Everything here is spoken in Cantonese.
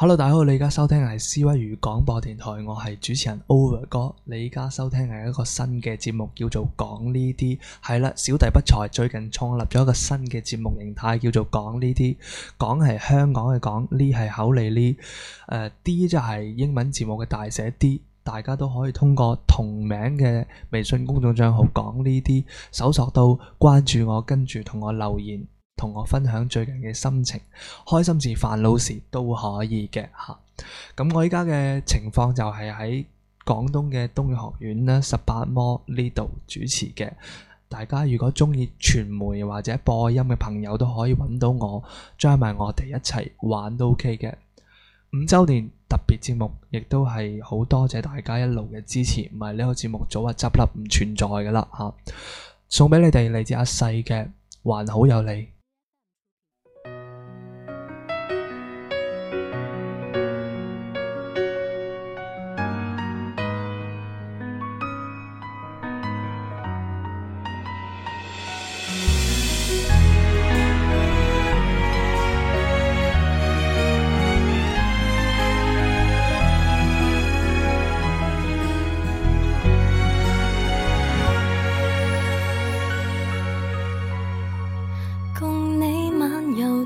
Hello，大家好，你而家收聽係 C 威語廣播電台，我係主持人 Over 哥。你而家收聽係一個新嘅節目，叫做講呢啲。係啦，小弟不才，最近創立咗一個新嘅節目形態，叫做講呢啲。講係香港嘅講，呢係口利呢。誒、呃、D 就係英文字母嘅大寫 D，大家都可以通過同名嘅微信公眾賬號講呢啲，搜索到關注我，跟住同我留言。同我分享最近嘅心情，開心時、煩惱時都可以嘅嚇。咁、啊、我依家嘅情況就係喺廣東嘅東語學院呢十八模呢度主持嘅。大家如果中意傳媒或者播音嘅朋友都可以揾到我 join 埋我哋一齊玩都 OK 嘅。五周年特別節目，亦都係好多謝大家一路嘅支持，唔係呢個節目早話執笠唔存在噶啦嚇。送俾你哋嚟自阿細嘅，還好有你。